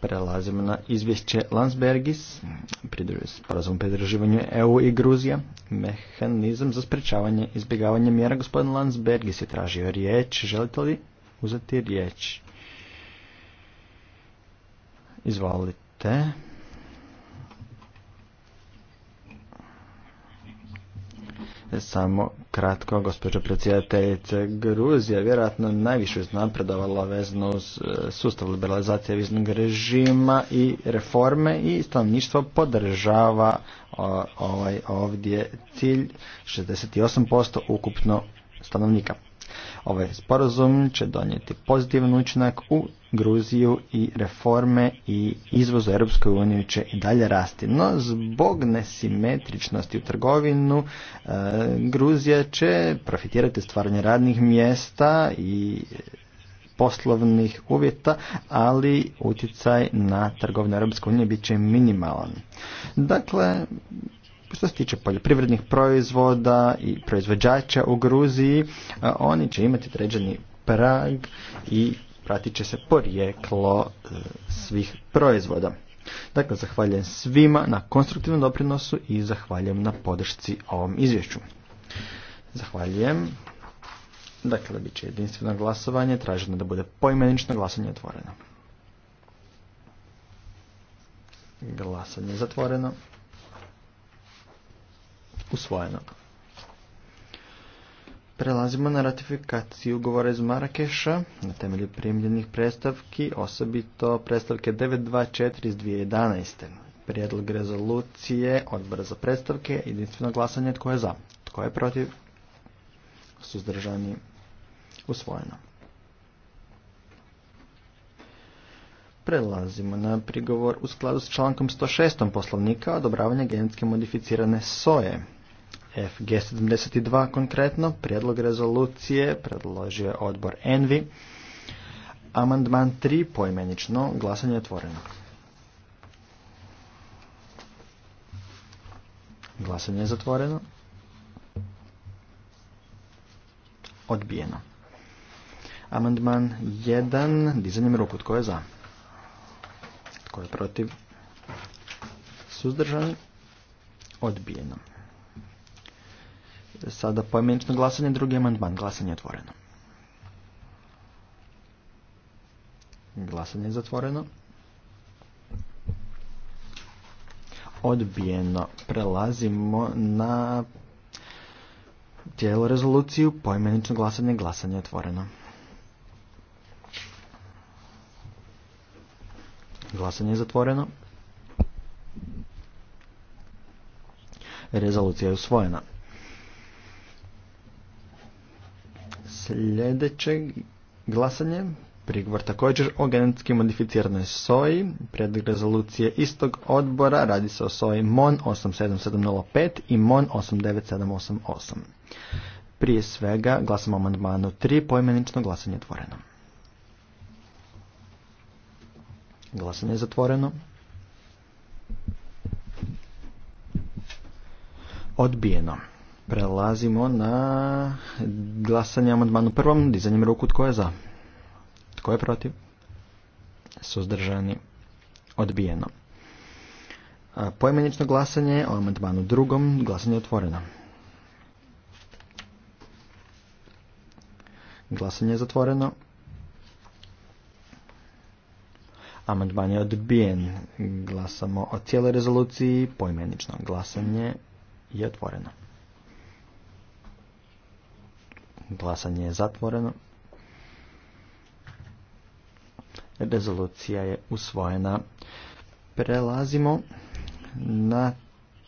Prelazimo na izvješće Landsbergis, pridružuje se porazum pridruživanju EU i Gruzija, mehanizam za sprečavanje izbjegavanje mjera. Gospodin Landsbergis je tražio riječ, želite li uzeti riječ? Izvolite. Samo kratko, gospođo predsjedateljice, Gruzija vjerojatno najviše napredovala vezano uz e, sustav liberalizacije viznog režima i reforme i stanovništvo podržava ovaj ovdje cilj 68% ukupno stanovnika. Ovaj sporazum će donijeti pozitivan učinak u Gruziju i reforme i izvozu u Europskoj uniji će i dalje rasti. No zbog nesimetričnosti u trgovinu e, Gruzija će profitirati stvaranje radnih mjesta i poslovnih uvjeta, ali utjecaj na trgovinu Europske unije bit će minimalan. Dakle, što se tiče poljoprivrednih proizvoda i proizvođača u Gruziji, oni će imati određeni prag i pratit će se porijeklo e, svih proizvoda. Dakle, zahvaljujem svima na konstruktivnom doprinosu i zahvaljujem na podršci ovom izvješću. Zahvaljujem. Dakle, bit će jedinstveno glasovanje, traženo da bude poimenično glasanje otvoreno. Glasanje zatvoreno usvojeno. Prelazimo na ratifikaciju ugovora iz Marakeša na temelju primljenih predstavki, osobito predstavke 924 iz 2011. Prijedlog rezolucije odbora za predstavke, jedinstveno glasanje tko je za, tko je protiv, suzdržani, usvojeno. Prelazimo na prigovor u skladu s člankom 106. poslovnika odobravanja genetske modificirane soje. FG72 konkretno, prijedlog rezolucije predložio je odbor ENVI. Amandman 3 poimenično, glasanje je otvoreno. Glasanje je zatvoreno. Odbijeno. Amandman 1, dizanjem ruku, tko je za? Tko je protiv? Suzdržan. Odbijeno. Sada pojmenično glasanje, drugi amandman, glasanje je otvoreno. Glasanje je zatvoreno. Odbijeno. Prelazimo na tijelo rezoluciju, pojmenično glasanje, glasanje je otvoreno. Glasanje je zatvoreno. Rezolucija je usvojena. sljedećeg glasanje. Prigovor također o genetski modificiranoj soji. Predlog rezolucije istog odbora radi se o soji MON 87705 i MON 89788. Prije svega glasamo o amandmanu 3 poimenično glasanje otvoreno. Glasanje je zatvoreno. Odbijeno. Prelazimo na glasanje amandmanu prvom, dizanjem ruku tko je za. Tko je protiv? Suzdržani. Odbijeno. Pojmenično glasanje o amandmanu drugom, glasanje je otvoreno. Glasanje je zatvoreno. Amandman je odbijen. Glasamo o cijeloj rezoluciji. Pojmenično glasanje je otvoreno. Glasanje je zatvoreno. Rezolucija je usvojena. Prelazimo na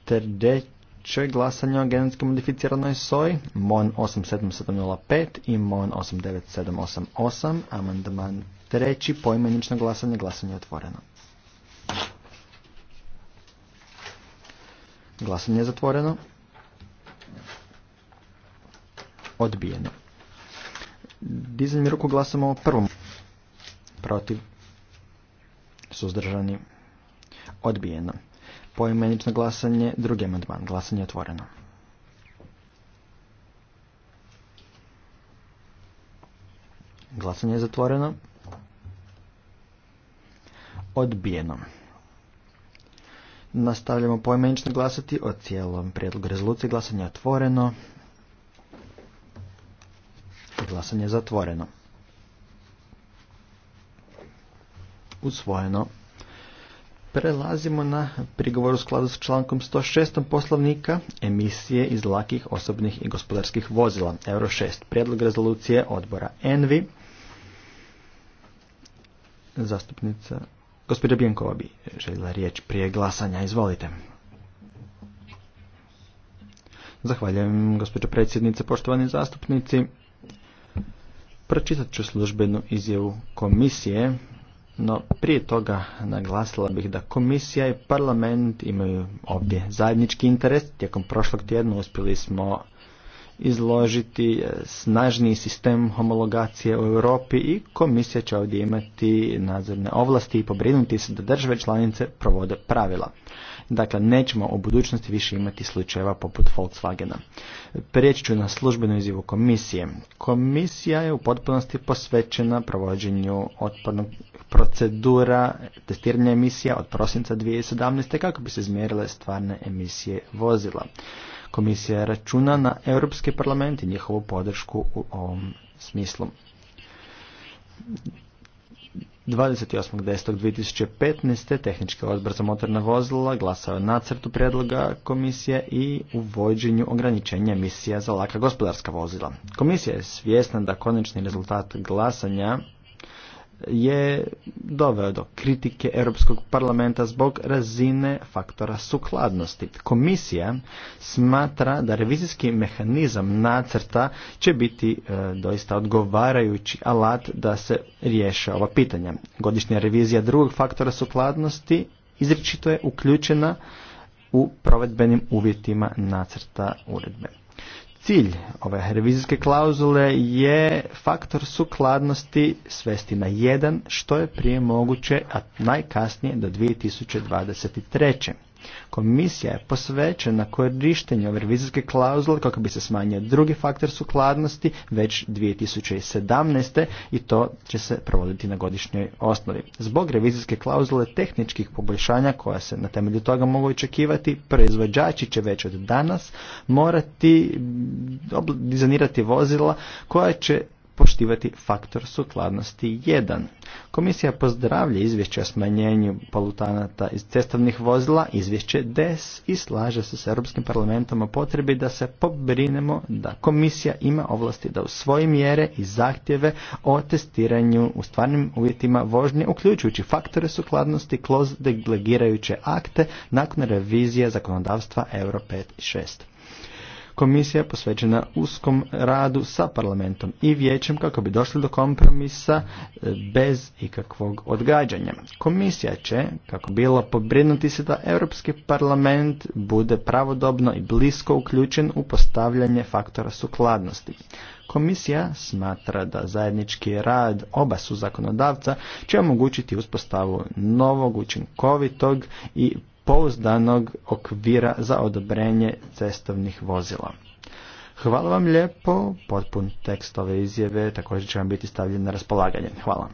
treće glasanje o genetski modificiranoj soji. MON 87705 i MON 89788. Amandman treći poimenično glasanje. Glasanje je otvoreno. Glasanje je zatvoreno. odbijeno. Dizanjem ruku glasamo o prvom. Protiv. Suzdržani. Odbijeno. Poimenično glasanje. Drugi amandman. Glasanje je otvoreno. Glasanje je zatvoreno. Odbijeno. Nastavljamo poimenično glasati o cijelom prijedlogu rezolucije. Glasanje otvoreno. Glasanje je zatvoreno. Usvojeno. Prelazimo na prigovor u skladu s člankom 106. poslovnika emisije iz lakih osobnih i gospodarskih vozila. Euro 6. Prijedlog rezolucije odbora ENVI. Zastupnica gospođa Bjenkova bi željela riječ prije glasanja. Izvolite. Zahvaljujem gospođo predsjednice, poštovani zastupnici. Pročitat ću službenu izjavu komisije, no prije toga naglasila bih da komisija i parlament imaju ovdje zajednički interes. Tijekom prošlog tjedna uspjeli smo izložiti eh, snažniji sistem homologacije u Europi i komisija će ovdje imati nadzorne ovlasti i pobrinuti se da države članice provode pravila. Dakle, nećemo u budućnosti više imati slučajeva poput Volkswagena. Prijeći ću na službenu izjivu komisije. Komisija je u potpunosti posvećena provođenju otpornog procedura testiranja emisija od prosinca 2017. kako bi se izmjerile stvarne emisije vozila. Komisija računa na Europski parlament i njihovu podršku u ovom smislu. 28.10.2015. Tehnički odbor za motorna vozila glasao je nacrtu predloga komisije i uvođenju ograničenja emisija za laka gospodarska vozila. Komisija je svjesna da konačni rezultat glasanja je doveo do kritike Europskog parlamenta zbog razine faktora sukladnosti. Komisija smatra da revizijski mehanizam nacrta će biti e, doista odgovarajući alat da se riješe ova pitanja. Godišnja revizija drugog faktora sukladnosti izričito je uključena u provedbenim uvjetima nacrta uredbe. Cilj ove revizijske klauzule je faktor sukladnosti svesti na jedan što je prije moguće, a najkasnije do 2023. Komisija je posvećena korištenju revizijske klauzule kako bi se smanjio drugi faktor sukladnosti već 2017. i to će se provoditi na godišnjoj osnovi. Zbog revizijske klauzule tehničkih poboljšanja koja se na temelju toga mogu očekivati, proizvođači će već od danas morati dizajnirati vozila koja će poštivati faktor sukladnosti 1. Komisija pozdravlja izvješće o smanjenju polutanata iz cestovnih vozila, izvješće DES i slaže se s Europskim parlamentom o potrebi da se pobrinemo da komisija ima ovlasti da u svoje mjere i zahtjeve o testiranju u stvarnim uvjetima vožnje, uključujući faktore sukladnosti kloz delegirajuće akte nakon revizije zakonodavstva Euro 5 i 6. Komisija posvećena uskom radu sa parlamentom i vijećem kako bi došli do kompromisa e, bez ikakvog odgađanja. Komisija će, kako bilo, pobrinuti se da Europski parlament bude pravodobno i blisko uključen u postavljanje faktora sukladnosti. Komisija smatra da zajednički rad oba su zakonodavca će omogućiti uspostavu novog, učinkovitog i pouzdanog okvira za odobrenje cestovnih vozila. Hvala vam lijepo, potpun tekst ove izjave također će vam biti stavljen na raspolaganje. Hvala.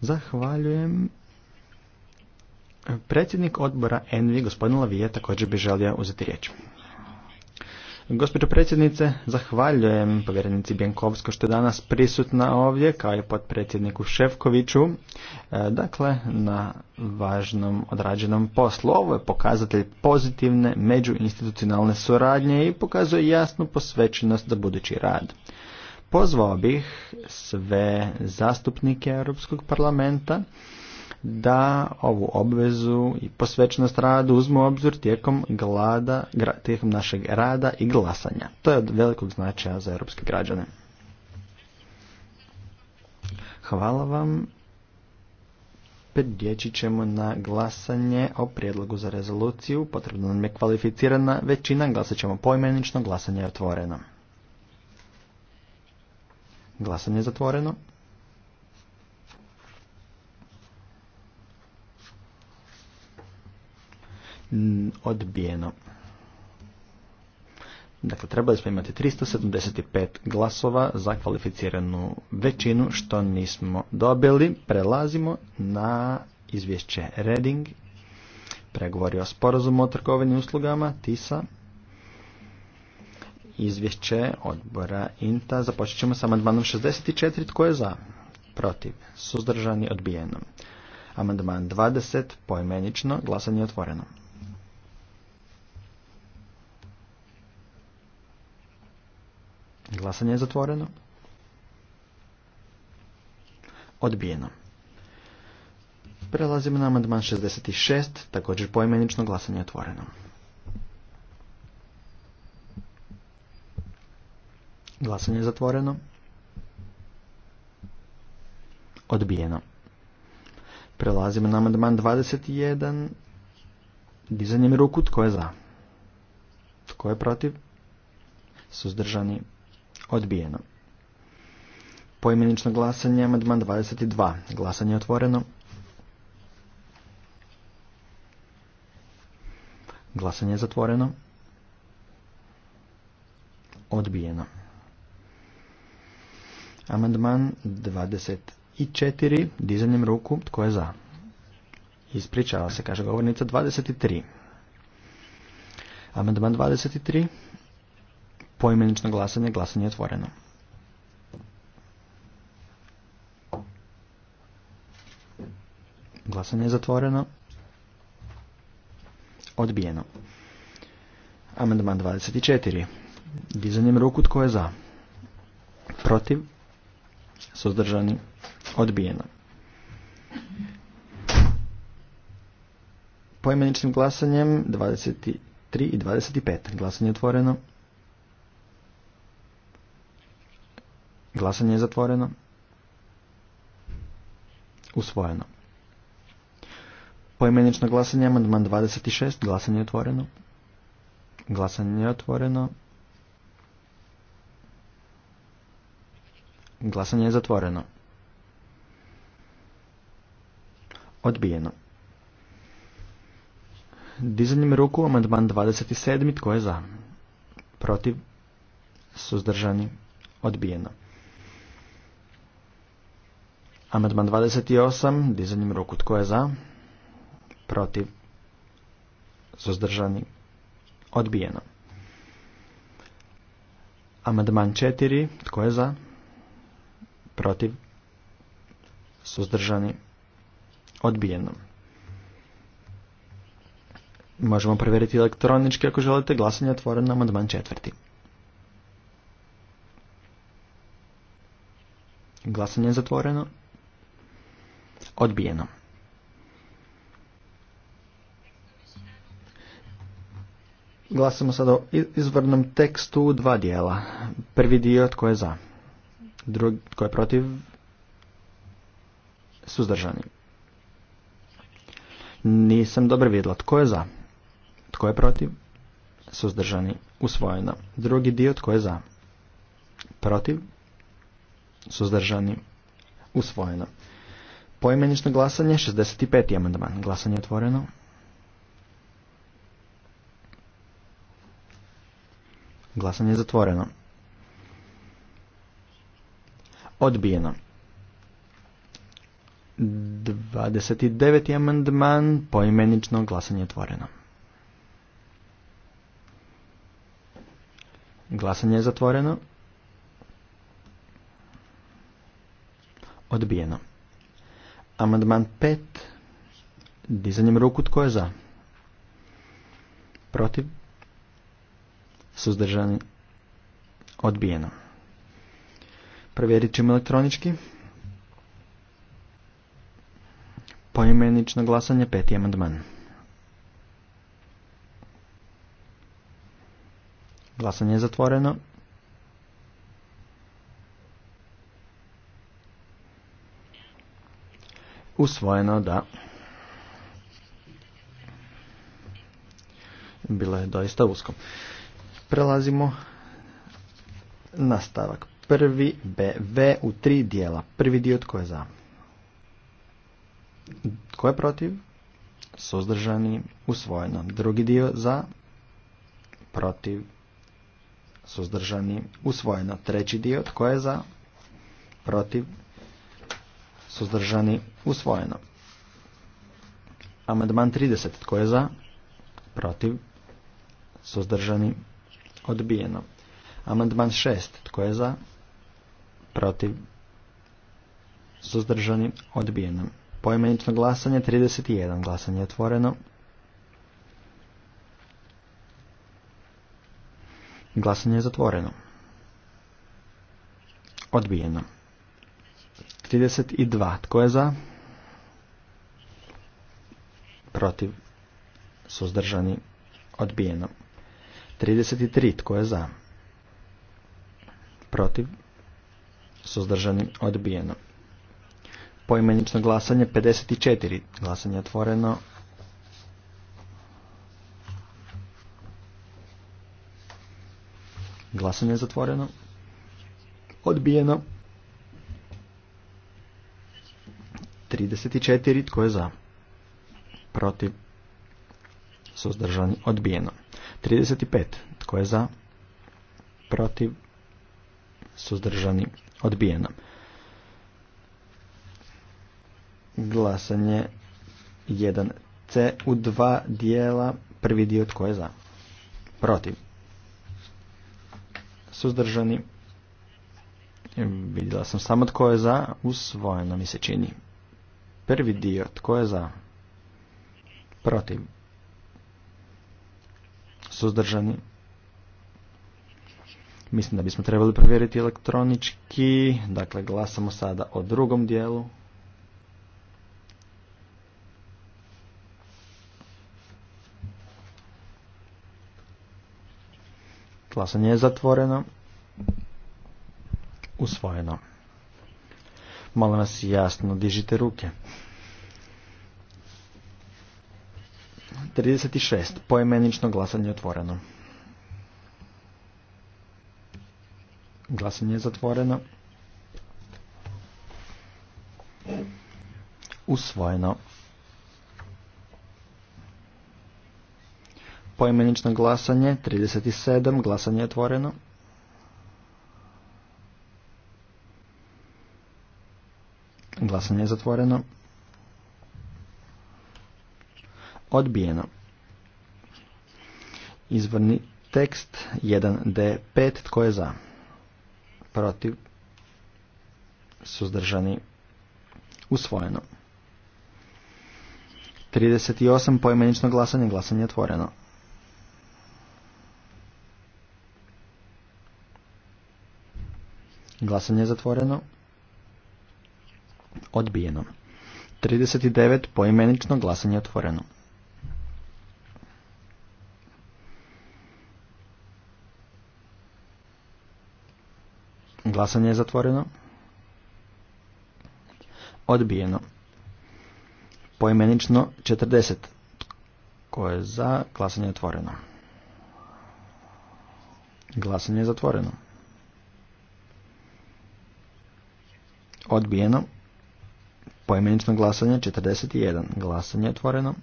Zahvaljujem. Predsjednik odbora Envi, gospodin Lavije, također bi želio uzeti riječ. Gospođo predsjednice, zahvaljujem povjerenici Bjenkovsko što je danas prisutna ovdje, kao i potpredsjedniku Ševkoviću, e, dakle, na važnom odrađenom poslu. Ovo je pokazatelj pozitivne međuinstitucionalne suradnje i pokazuje jasnu posvećenost za budući rad. Pozvao bih sve zastupnike Europskog parlamenta da ovu obvezu i posvećenost rada uzmu u obzir tijekom, glada, tijekom našeg rada i glasanja. To je od velikog značaja za europske građane. Hvala vam. Prijeći ćemo na glasanje o prijedlogu za rezoluciju. Potrebno nam je kvalificirana većina. Glasat ćemo poimenično. Glasanje je otvoreno. Glasanje je zatvoreno. Mm, odbijeno. Dakle, trebali smo imati 375 glasova za kvalificiranu većinu, što nismo dobili. Prelazimo na izvješće Reding, pregovori o sporazumu o trgovini uslugama, TISA, izvješće odbora INTA. Započet ćemo sa amandmanom 64, tko je za? Protiv, suzdržani, odbijeno. Amandman 20, poimenično, glasanje otvoreno. Glasanje je zatvoreno. Odbijeno. Prelazimo na amandman 66, također poimenično glasanje je otvoreno. Glasanje je zatvoreno. Odbijeno. Prelazimo na amandman 21. Dizanjem ruku tko je za? Tko je protiv? Suzdržani Odbijeno. Pojmenično glasanje, amandman 22. Glasanje je otvoreno. Glasanje je zatvoreno. Odbijeno. Amandman 24. Dizanjem ruku. Tko je za? Ispričava se, kaže govornica 23. Amandman 23 poimenično glasanje, glasanje je otvoreno. Glasanje je zatvoreno. Odbijeno. Amandman 24. Dizanjem ruku tko je za? Protiv? Suzdržani? Odbijeno. Poimeničnim glasanjem 23 i 25. Glasanje otvoreno. Glasanje je zatvoreno. Usvojeno. Poimenično glasanje, amandman 26, glasanje je otvoreno. Glasanje je otvoreno. Glasanje je zatvoreno. Odbijeno. Dizanjem ruku, amandman 27, tko je za? Protiv? Suzdržani? Odbijeno. Amandman 28, dizanjem ruku tko je za, protiv, suzdržani, odbijeno. Amandman 4, tko je za, protiv, suzdržani, odbijeno. Možemo provjeriti elektronički ako želite glasanje otvoreno. na amandman 4. Glasanje je zatvoreno. Odbijeno. Glasamo sada o izvornom tekstu dva dijela. Prvi dio tko je za, drugi tko je protiv, suzdržani. Nisam dobro vidjela tko je za, tko je protiv, suzdržani, usvojeno. Drugi dio tko je za, protiv, suzdržani, usvojeno. Poimenično glasanje, 65. amandman. Glasanje je otvoreno. Glasanje je zatvoreno. Odbijeno. 29. amandman, poimenično glasanje je otvoreno. Glasanje je zatvoreno. Odbijeno. Amandman 5. Dizanjem ruku tko je za? Protiv? Suzdržani? Odbijeno. Provjerit ćemo elektronički. Poimenično glasanje peti amandman. Glasanje je zatvoreno. usvojeno da bilo je doista usko. Prelazimo na stavak prvi BV u tri dijela. Prvi dio tko je za? Tko je protiv? Suzdržani, usvojeno. Drugi dio za? Protiv, suzdržani, usvojeno. Treći dio tko je za? Protiv, suzdržani, usvojeno. Amandman 30. Tko je za? Protiv. Suzdržani. Odbijeno. Amandman 6. Tko je za? Protiv. Suzdržani. Odbijeno. Poimenično glasanje 31. Glasanje je otvoreno. Glasanje je zatvoreno. Odbijeno. 32. Tko je za? Protiv. Suzdržani. Odbijeno. 33. Tko je za? Protiv. Suzdržani. Odbijeno. Poimenično glasanje 54. Glasanje je otvoreno. Glasanje je zatvoreno. Odbijeno. 34. Tko je za? Protiv? Suzdržani? Odbijeno. 35. Tko je za? Protiv? Suzdržani? Odbijeno. Glasanje 1C u dva dijela. Prvi dio tko je za? Protiv? Suzdržani? Vidjela sam samo tko je za, usvojeno mi se čini. Prvi dio, tko je za? Protiv. Suzdržani. Mislim da bismo trebali provjeriti elektronički. Dakle, glasamo sada o drugom dijelu. Glasanje je zatvoreno. Usvojeno. Molim nas jasno, dižite ruke. 36. Poimenično glasanje otvoreno. Glasanje je zatvoreno. Usvojeno. Poimenično glasanje 37. Glasanje je otvoreno. Glasanje je zatvoreno. Odbijeno. Izvorni tekst 1D5. Tko je za? Protiv. Suzdržani. Usvojeno. 38. Poimenično glasanje. Glasanje je otvoreno. Glasanje je zatvoreno. Odbijeno. 39. Poimenično glasanje otvoreno. Glasanje je zatvoreno. Odbijeno. Poimenično 40. Koje je za? Glasanje je otvoreno. Glasanje je zatvoreno. Odbijeno. Poimenično glasanje 41. Glasanje je otvoreno.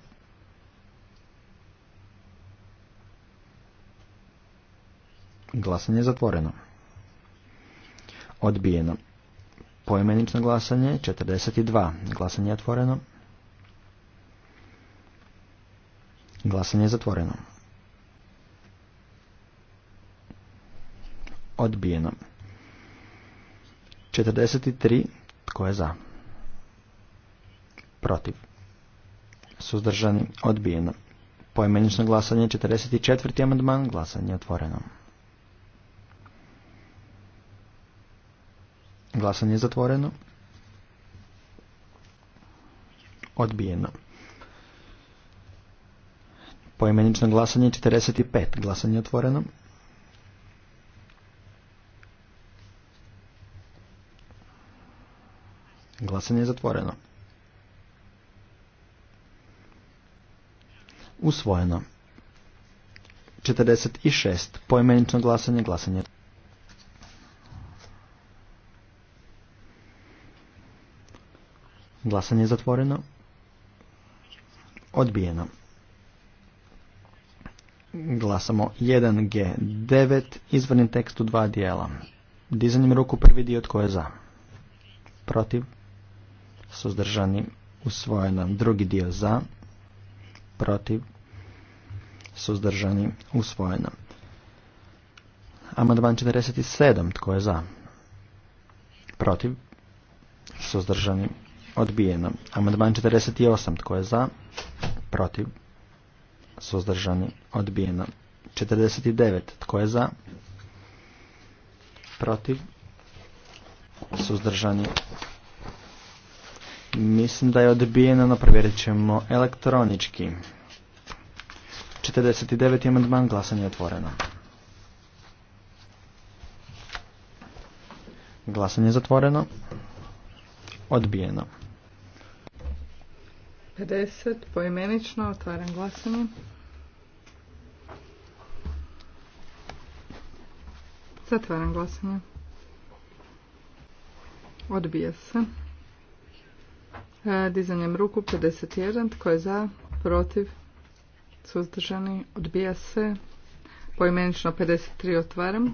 Glasanje je zatvoreno. Odbijeno. Poimenično glasanje 42. Glasanje je otvoreno. Glasanje je zatvoreno. Odbijeno. 43. Tko je za? protiv, suzdržani, odbijeno. Poimenično glasanje 44. amandman, glasanje otvoreno. Glasanje zatvoreno. Odbijeno. Poimenično glasanje 45. Glasanje otvoreno. Glasanje je zatvoreno. Usvojeno. 46. Poimenično glasanje, glasanje. Glasanje je zatvoreno. Odbijeno. Glasamo 1G9, izvorni tekst u dva dijela. Dizanjem ruku prvi dio tko je za. Protiv. Suzdržani usvojeno. Drugi dio za protiv, suzdržani, usvojeno. Amandman 47. Tko je za? Protiv, suzdržani, odbijeno. Amandman 48. Tko je za? Protiv, suzdržani, odbijeno. 49. Tko je za? Protiv, suzdržani, Mislim da je odbijeno, no provjerit ćemo elektronički. 49. amandman glasanje je otvoreno. Glasanje je zatvoreno. Odbijeno. 50 poimenično otvaram glasanje. Zatvaram glasanje. Odbija se. E, dizanjem ruku 51. Tko je za? Protiv? Suzdržani? Odbija se. Poimenično 53 otvaram.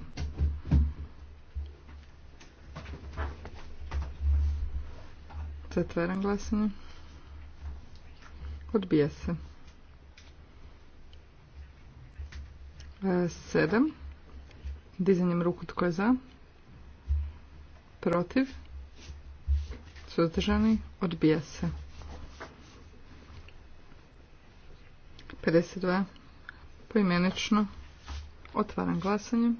Zatvaram glasanje. Odbija se. 7. E, dizanjem ruku tko je za? Protiv? Suzdržani? Odbija se. 52. Poimenično. Otvaram glasanje.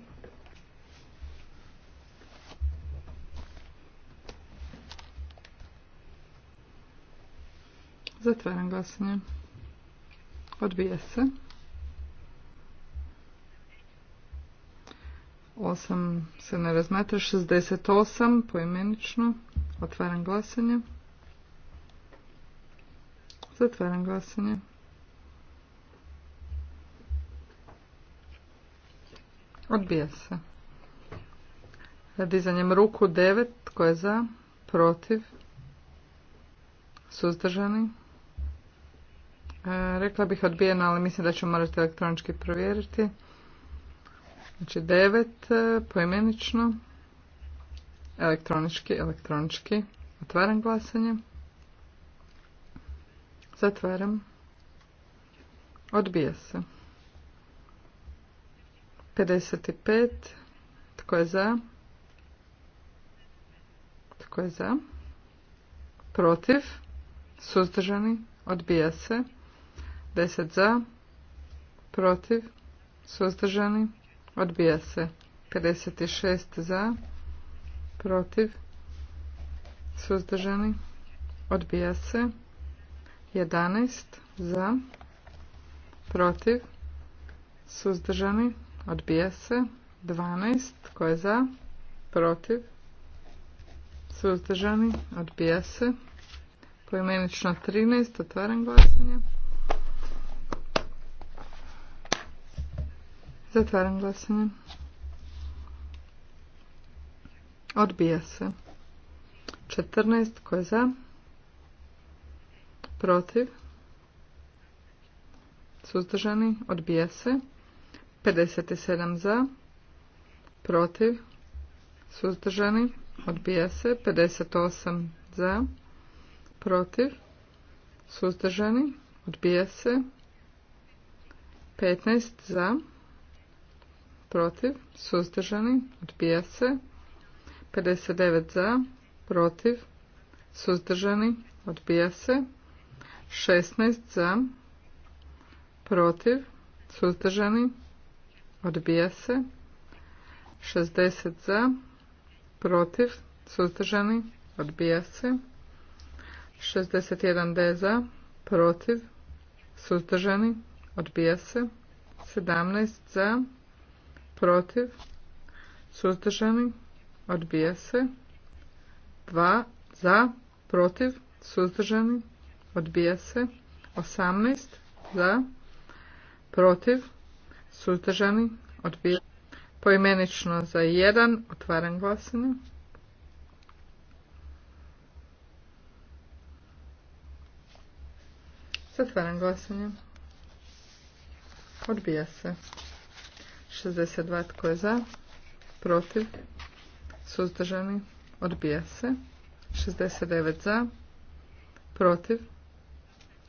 Zatvaram glasanje. Odbija se. 8 se ne razmatra. 68 poimenično. Otvaram glasanje. Zatvaram glasanje. Odbija se. Dizanjem ruku 9. koje je za? Protiv? Suzdržani? E, rekla bih odbijena, ali mislim da ću morati elektronički provjeriti. Znači 9 e, poimenično. Elektronički, elektronički. Otvaram glasanje. Zatvaram. Odbija se. 55. Tko je za? Tko je za? Protiv? Suzdržani? Odbija se. 10 za? Protiv? Suzdržani? Odbija se. 56 za? protiv, suzdržani, odbija se. 11 za, protiv, suzdržani, odbija se. 12 tko je za, protiv, suzdržani, odbija se. Poimenično 13, otvaram glasanje. Zatvaram glasanje. Odbija se. 14. Tko je za? Protiv? Suzdržani? Odbija se. 57 za. Protiv? Suzdržani? Odbija se. 58 za. Protiv? Suzdržani? Odbija se. 15 za. Protiv? Suzdržani? Odbija se. 59 za, protiv, suzdržani, odbija se. 16 za, protiv, suzdržani, odbija se. 60 za, protiv, suzdržani, odbija se. 61 D za, protiv, suzdržani, odbija se. 17 za, protiv, suzdržani, odbija se. 2 za, protiv, suzdržani, Odbije se. 18 za, protiv, suzdržani, odbija se. Poimenično za 1, otvaram glasanje. Zatvaram glasanje. Odbija se. 62 tko je za, protiv, suzdržani, odbija se. 69 za, protiv,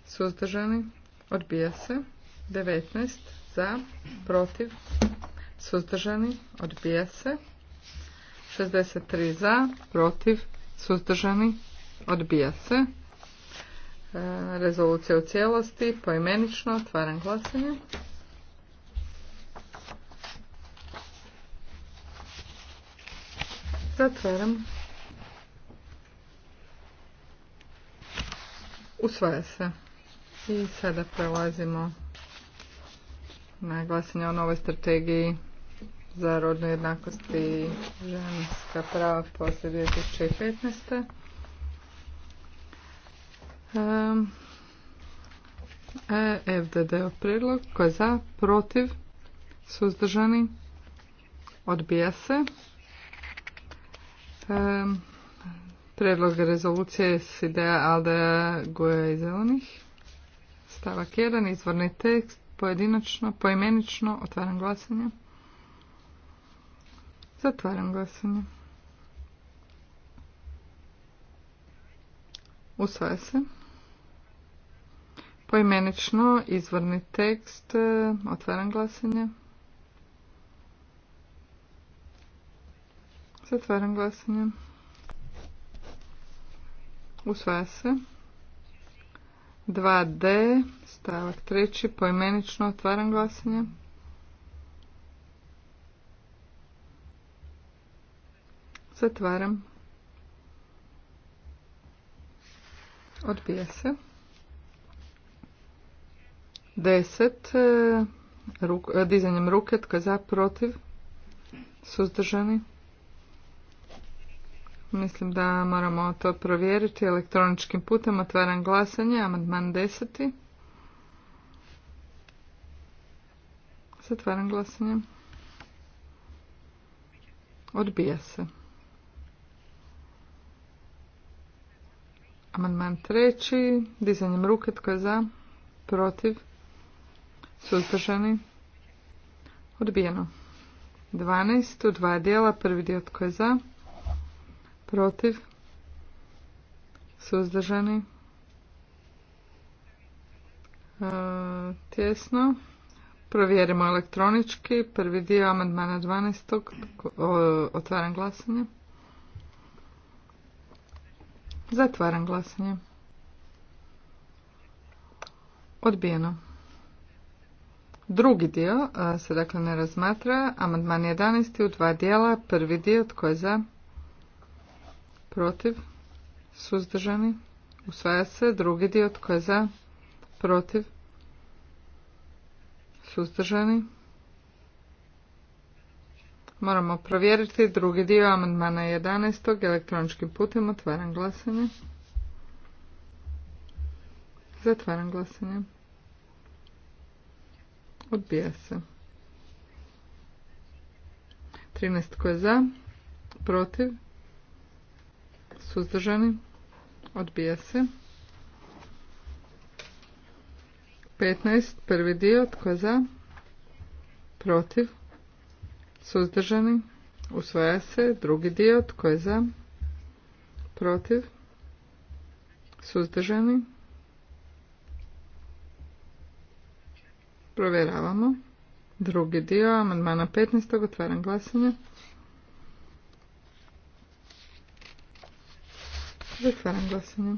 suzdržani, odbija se. 19 za, protiv, suzdržani, odbija se. 63 za, protiv, suzdržani, odbija se. E, rezolucija u cijelosti, poimenično, otvaram glasanje. Zatvaram. Usvaja se. I sada prelazimo na glasanje o novoj strategiji za rodnu jednakost i ženska prava poslije 2015. Um, FDD-ov prijedlog koji je za, protiv, suzdržani, odbija se. Predlog rezolucije s ideja Aldeja Guja i Zelenih. Stavak 1. Izvorni tekst. Pojedinačno, poimenično. Otvaram glasanje. Zatvaram glasanje. Usvaja se. Poimenično, izvorni tekst. Otvaram glasanje. Zatvaram glasanje. Usvaja se. 2D, stavak treći. poimenično otvaram glasanje. Zatvaram. Odbija se. 10. E, ruk, e, dizanjem ruke, tko je za, protiv, suzdržani, Mislim da moramo to provjeriti elektroničkim putem. Otvaram glasanje. Amandman 10. Zatvaram glasanje. Odbija se. Amandman treći. Dizanjem ruke tko je za? Protiv? Suzdržani? Odbijeno. 12. dva dijela. Prvi dio tko je za? protiv, suzdržani, e, tjesno. Provjerimo elektronički. Prvi dio amandmana 12. Otvaram glasanje. Zatvaram glasanje. Odbijeno. Drugi dio e, se dakle ne razmatra. Amandman 11. u dva dijela. Prvi dio tko je za? protiv, suzdržani, usvaja se. Drugi dio tko je za, protiv, suzdržani. Moramo provjeriti drugi dio amandmana 11. elektroničkim putem. Otvaram glasanje. Zatvaram glasanje. Odbija se. 13 tko je za, protiv, Suzdržani? Odbija se. 15. Prvi dio. Tko je za? Protiv? Suzdržani? Usvaja se. Drugi dio. Tko je za? Protiv? Suzdržani? Provjeravamo. Drugi dio. Amandmana 15. Otvaram glasanje. Zatvaram glasanje.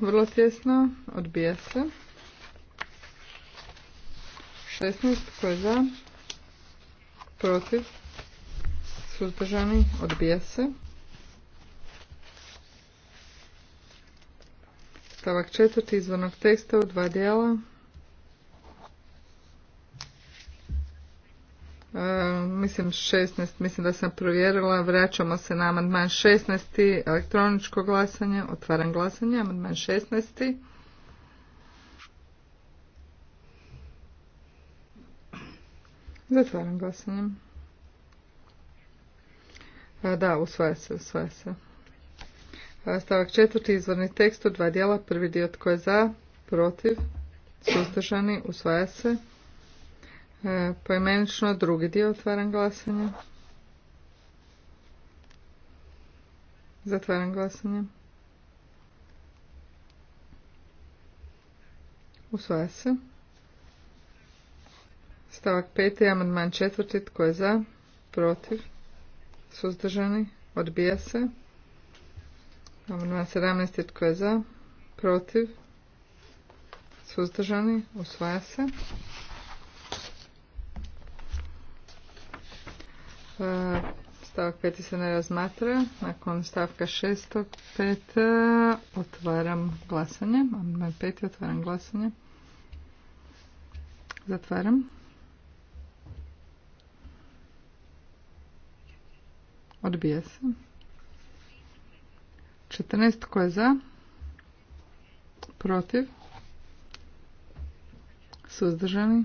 Vrlo tjesno, odbija se. 16, tko je za? Protiv? Suzdržani, odbija se. Stavak četvrti izvornog teksta u dva dijela. E, mislim 16, mislim da sam provjerila, vraćamo se na amandman 16. Elektroničko glasanje, otvaram glasanje, amandman 16. Zatvaram glasanje. E, da, usvaja se, usvaja se. E, stavak četvrti, izvorni tekst u dva dijela, prvi dio tko je za, protiv, suzdržani, usvaja se. E, pojmenično drugi dio otvaram glasanje. Zatvaram glasanje. Usvaja se. Stavak 5. Amandman četvrti. Tko je za? Protiv? Suzdržani? Odbija se. Amandman 17. Tko je za? Protiv? Suzdržani? Usvaja se. stavak peti se ne razmatra. Nakon stavka šestog peta otvaram glasanje. Amandman peti, otvaram glasanje. Zatvaram. Odbija se. 14. Tko je za? Protiv? Suzdržani?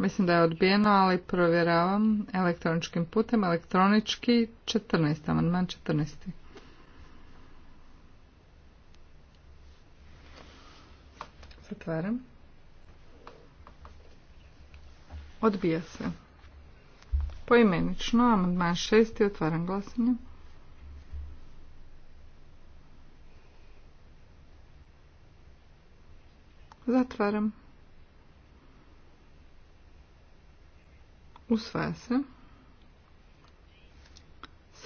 Mislim da je odbijeno, ali provjeravam elektroničkim putem. Elektronički 14. Amandman 14. Zatvaram. Odbija se. Poimenično, amandman 6. Otvaram glasanje. Zatvaram. Usvaja se.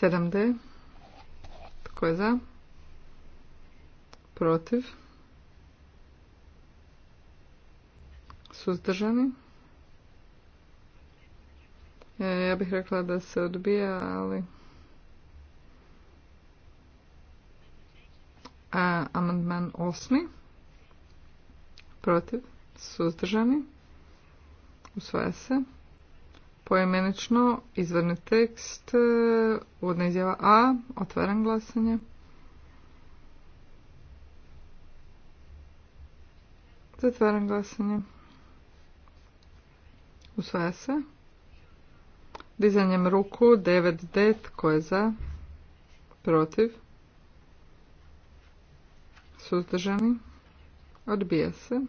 7D. Tko je za? Protiv. Suzdržani. E, ja bih rekla da se odbija, ali... A, amandman osmi. Protiv. Suzdržani. Usvaja se. Poimenično izvrni tekst, e, uvodna izjava A, otvaram glasanje. Zatvaram glasanje. Usvaja se. Dizanjem ruku 9 det, tko je za? Protiv? Suzdržani? Odbija se.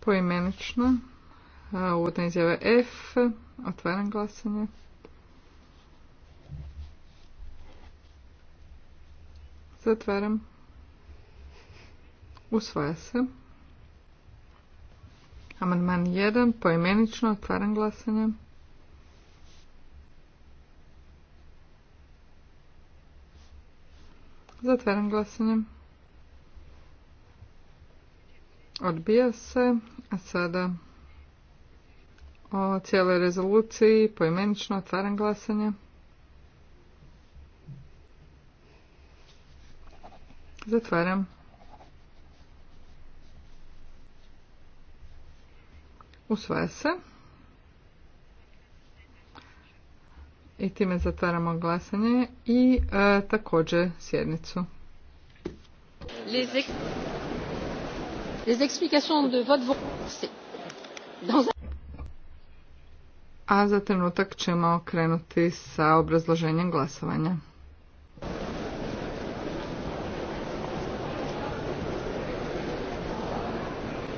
Poimenično. Uvodna izjava F. Otvaram glasanje. Zatvaram. Usvaja se. Amandman 1. Poimenično otvaram glasanje. Zatvaram glasanje. Odbija se. A sada o cijeloj rezoluciji, poimenično otvaram glasanje. Zatvaram. Usvaja se. I time zatvaramo glasanje i e, također sjednicu. Les, explications de vote a za trenutak ćemo krenuti sa obrazloženjem glasovanja.